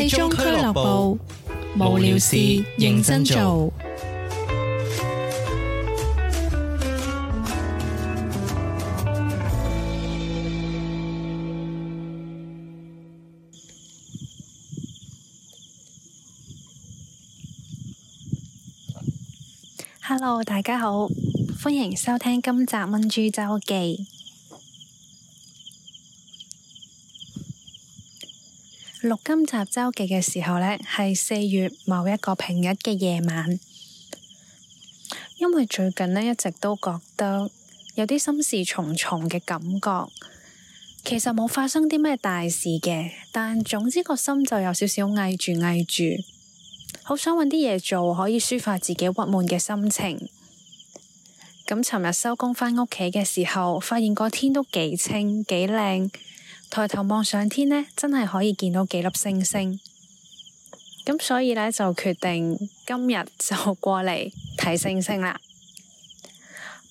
細中俱樂部，無聊事認真做。Hello，大家好，歡迎收聽今集《蚊豬周記》。錄今集週記嘅時候呢，係四月某一個平日嘅夜晚。因為最近呢，一直都覺得有啲心事重重嘅感覺，其實冇發生啲咩大事嘅，但總之個心就有少少翳住翳住，好想揾啲嘢做，可以抒發自己鬱悶嘅心情。咁尋日收工翻屋企嘅時候，發現個天都幾清幾靚。抬頭望上天呢，真係可以見到幾粒星星。咁所以呢，就決定今日就過嚟睇星星啦。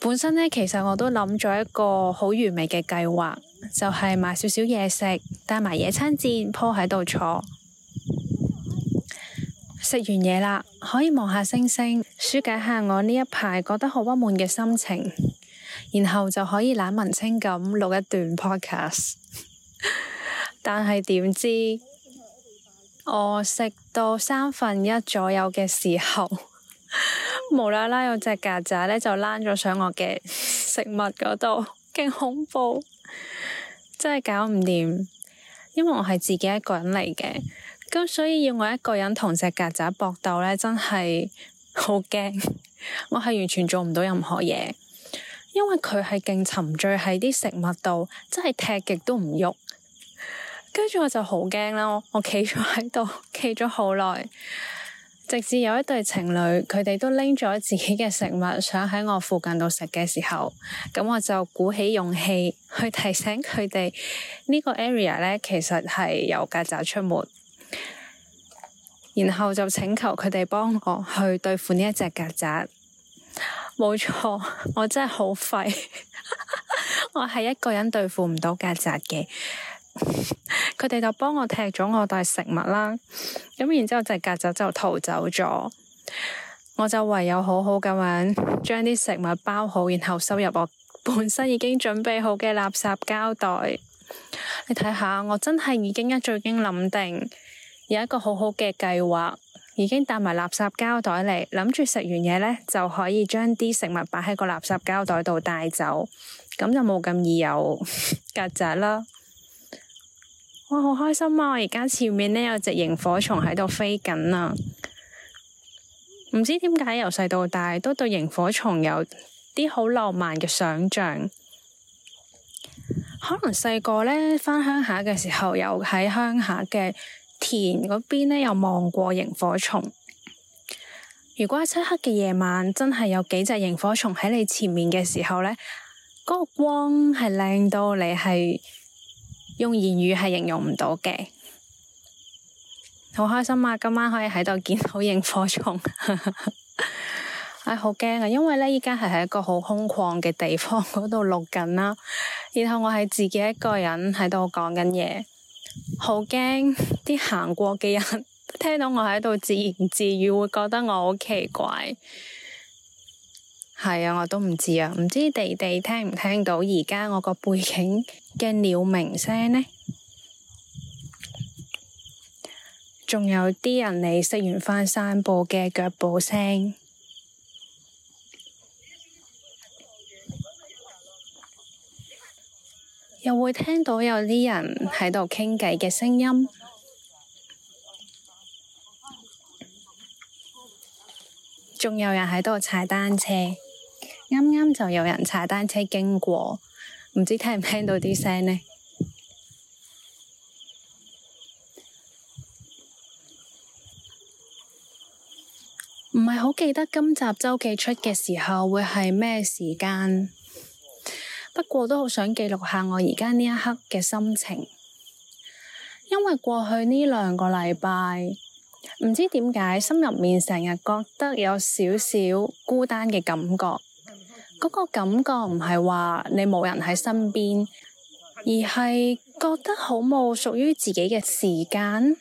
本身呢，其實我都諗咗一個好完美嘅計劃，就係、是、買少少嘢食，帶埋野餐墊鋪喺度坐，食完嘢啦，可以望下星星，舒解下我呢一排覺得好鬱悶嘅心情，然後就可以懶文青咁錄一段 Podcast。 但係點知， 我食到三分一左右嘅時候， 無啦啦有隻曱甴咧就躝咗上我嘅食物嗰度，勁恐怖，真係搞唔掂。因為我係自己一個人嚟嘅，咁所以要我一個人同隻曱甴搏鬥咧，真係好驚。我係完全做唔到任何嘢，因為佢係勁沉醉喺啲食物度，真係踢極都唔喐。跟住我就好驚啦，我企咗喺度，企咗好耐，直至有一對情侶，佢哋都拎咗自己嘅食物，想喺我附近度食嘅時候，咁我就鼓起勇氣去提醒佢哋呢個 area 呢，其實係有曱甴出沒，然後就請求佢哋幫我去對付呢一隻曱甴。冇錯，我真係好廢，我係一個人對付唔到曱甴嘅。佢哋就幫我踢咗我袋食物啦，咁然之後隻曱甴就逃走咗。我就唯有好好咁樣將啲食物包好，然後收入我本身已經準備好嘅垃圾膠袋。你睇下，我真係已經一早已經諗定有一個好好嘅計劃，已經帶埋垃圾膠袋嚟，諗住食完嘢呢，就可以將啲食物擺喺個垃圾膠袋度帶走，咁就冇咁易有曱甴啦。哇，好開心啊！而家前面呢，有隻螢火蟲喺度飛緊啊！唔知點解由細到大都對螢火蟲有啲好浪漫嘅想象。可能細個呢，翻鄉下嘅時候，又喺鄉下嘅田嗰邊呢，又望過螢火蟲。如果喺漆黑嘅夜晚，真係有幾隻螢火蟲喺你前面嘅時候呢，嗰個光係靚到你係。用言語係形容唔到嘅，好開心啊！今晚可以喺度見到螢火蟲，唉、 哎，好驚啊！因為呢，依家係喺一個好空曠嘅地方嗰度錄緊啦，然後我係自己一個人喺度講緊嘢，好驚，啲行過嘅人聽到我喺度自言自語，會覺得我好奇怪。係啊，我都唔知啊，唔知你哋聽唔聽到而家我個背景嘅鳥鳴聲呢？仲有啲人嚟食完飯散步嘅腳步聲，又會聽到有啲人喺度傾偈嘅聲音，仲有人喺度踩單車。啱啱就有人踩單車經過，唔知聽唔聽到啲聲呢？唔係好記得今集週記出嘅時候會係咩時間，不過都好想記錄下我而家呢一刻嘅心情，因為過去呢兩個禮拜唔知點解心入面成日覺得有少少孤單嘅感覺。嗰個感覺唔係話你冇人喺身邊，而係覺得好冇屬於自己嘅時間，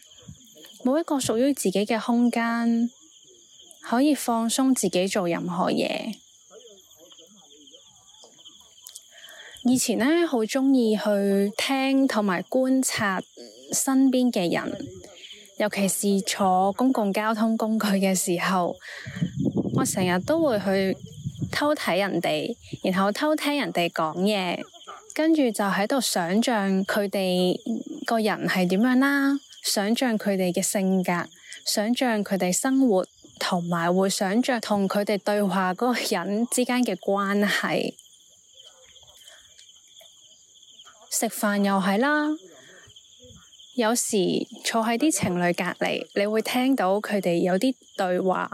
冇一個屬於自己嘅空間，可以放鬆自己做任何嘢。以前呢，好鍾意去聽同埋觀察身邊嘅人，尤其是坐公共交通工具嘅時候，我成日都會去。偷睇人哋，然後偷聽人哋講嘢，跟住就喺度想象佢哋個人係點樣啦，想象佢哋嘅性格，想象佢哋生活，同埋會想象同佢哋對話嗰個人之間嘅關係。食飯又係啦，有時坐喺啲情侶隔籬，你會聽到佢哋有啲對話。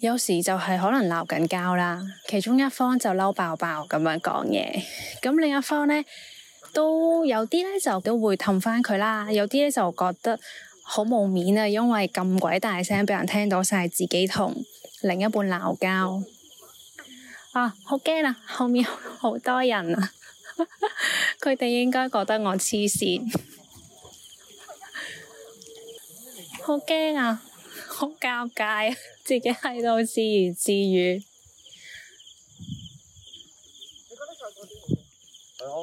有時就係可能鬧緊交啦，其中一方就嬲爆爆咁樣講嘢，咁另一方咧都有啲咧就都會氹翻佢啦，有啲咧就覺得好冇面啊，因為咁鬼大聲俾人聽到晒自己同另一半鬧交啊，好驚啊，後面好多人啊，佢 哋應該覺得我黐線，好 驚啊！好尷尬，自己喺度自言自語。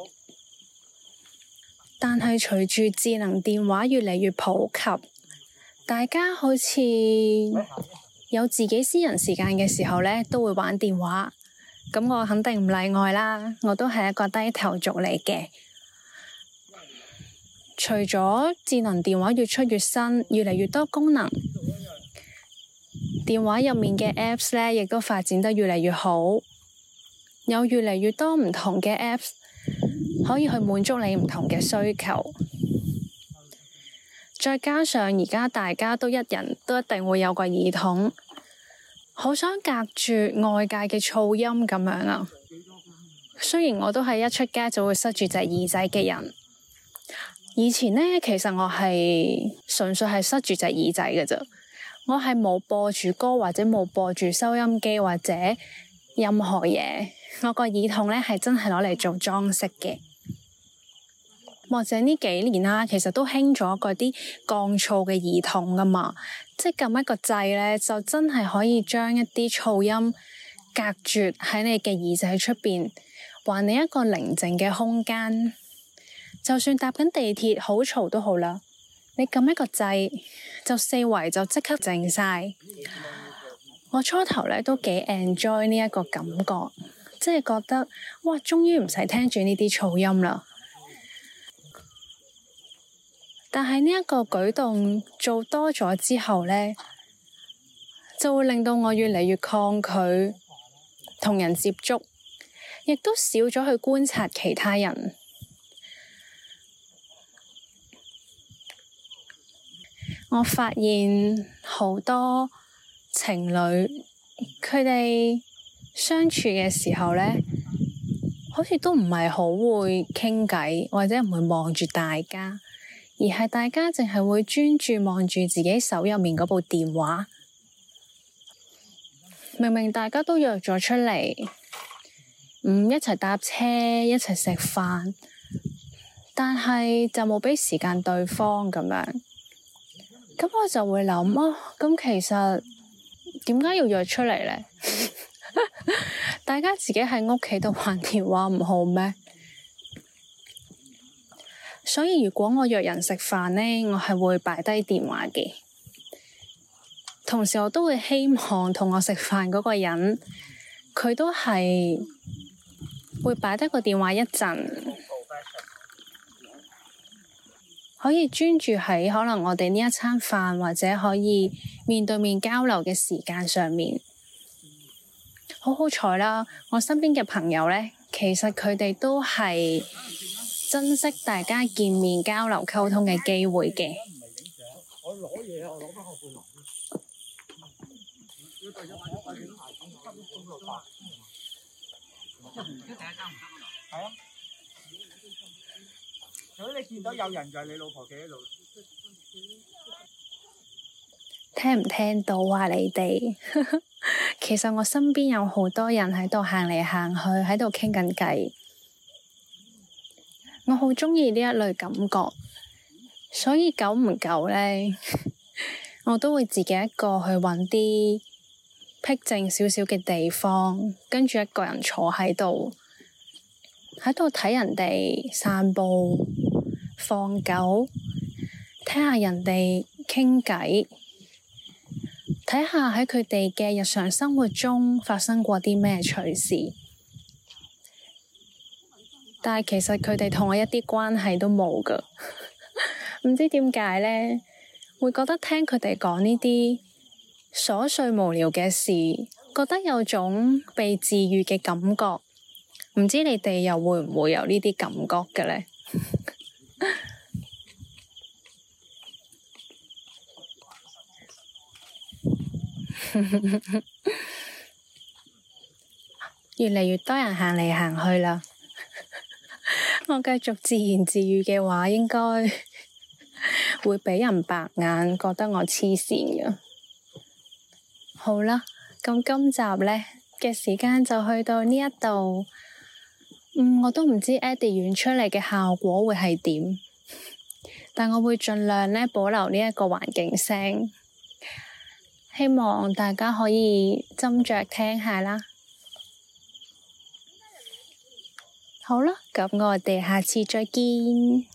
但係隨住智能電話越嚟越普及，大家好似有自己私人時間嘅時候呢，都會玩電話。咁我肯定唔例外啦，我都係一個低頭族嚟嘅。除咗智能電話越出越新，越嚟越多功能。電話入面嘅 apps 咧，亦都發展得越嚟越好，有越嚟越多唔同嘅 apps 可以去滿足你唔同嘅需求。再加上而家大家都一人都一定會有個耳筒，好想隔住外界嘅噪音咁樣啊。雖然我都係一出街就會塞住隻耳仔嘅人，以前呢，其實我係純粹係塞住隻耳仔嘅咋。我係冇播住歌或者冇播住收音機或者任何嘢，我個耳筒咧係真係攞嚟做裝飾嘅。或者呢幾年啦，其實都興咗嗰啲降噪嘅耳筒噶嘛，即係撳一個掣咧，就真係可以將一啲噪音隔絕喺你嘅耳仔出邊，還你一個寧靜嘅空間。就算搭緊地鐵好嘈都好啦。你撳一個掣，就四圍就即刻靜晒。我初頭咧都幾 enjoy 呢一個感覺，即係覺得哇，終於唔使聽住呢啲噪音啦。但係呢一個舉動做多咗之後咧，就會令到我越嚟越抗拒同人接觸，亦都少咗去觀察其他人。我發現好多情侶佢哋相處嘅時候咧，好似都唔係好會傾偈，或者唔會望住大家，而係大家淨係會專注望住自己手入面嗰部電話。明明大家都約咗出嚟，唔一齊搭車，一齊食飯，但係就冇俾時間對方咁樣。咁我就會諗啊，咁、哦、其實點解要約出嚟咧？ 大家自己喺屋企度玩電話唔好咩？所以如果我約人食飯咧，我係會擺低電話嘅。同時我都會希望同我食飯嗰個人，佢都係會擺低個電話一陣。可以專注喺可能我哋呢一餐飯，或者可以面對面交流嘅時間上面，好好彩啦！我身邊嘅朋友呢，其實佢哋都係珍惜大家見面交流溝通嘅機會嘅。如果你見到有人就係，你老婆企喺度，聽唔聽到啊？你哋， 其實我身邊有好多人喺度行嚟行去，喺度傾緊偈。嗯、我好中意呢一類感覺，所以久唔久呢， 我都會自己一個去搵啲僻靜少少嘅地方，跟住一個人坐喺度，喺度睇人哋散步。放狗，睇下人哋傾偈，睇下喺佢哋嘅日常生活中發生過啲咩趣事。但係其實佢哋同我一啲關係都冇噶，唔 知點解咧，會覺得聽佢哋講呢啲瑣碎無聊嘅事，覺得有種被治癒嘅感覺。唔知你哋又會唔會有呢啲感覺嘅咧？ 越嚟越多人行嚟行去啦， 我繼續自言自語嘅話，應該 會俾人白眼，覺得我黐線嘅。好啦，咁今集呢嘅時間就去到呢一度，嗯，我都唔知 Eddie 演出嚟嘅效果會係點，但我會盡量呢保留呢一個環境聲。希望大家可以斟酌聽下啦。好啦，咁我哋下次再見。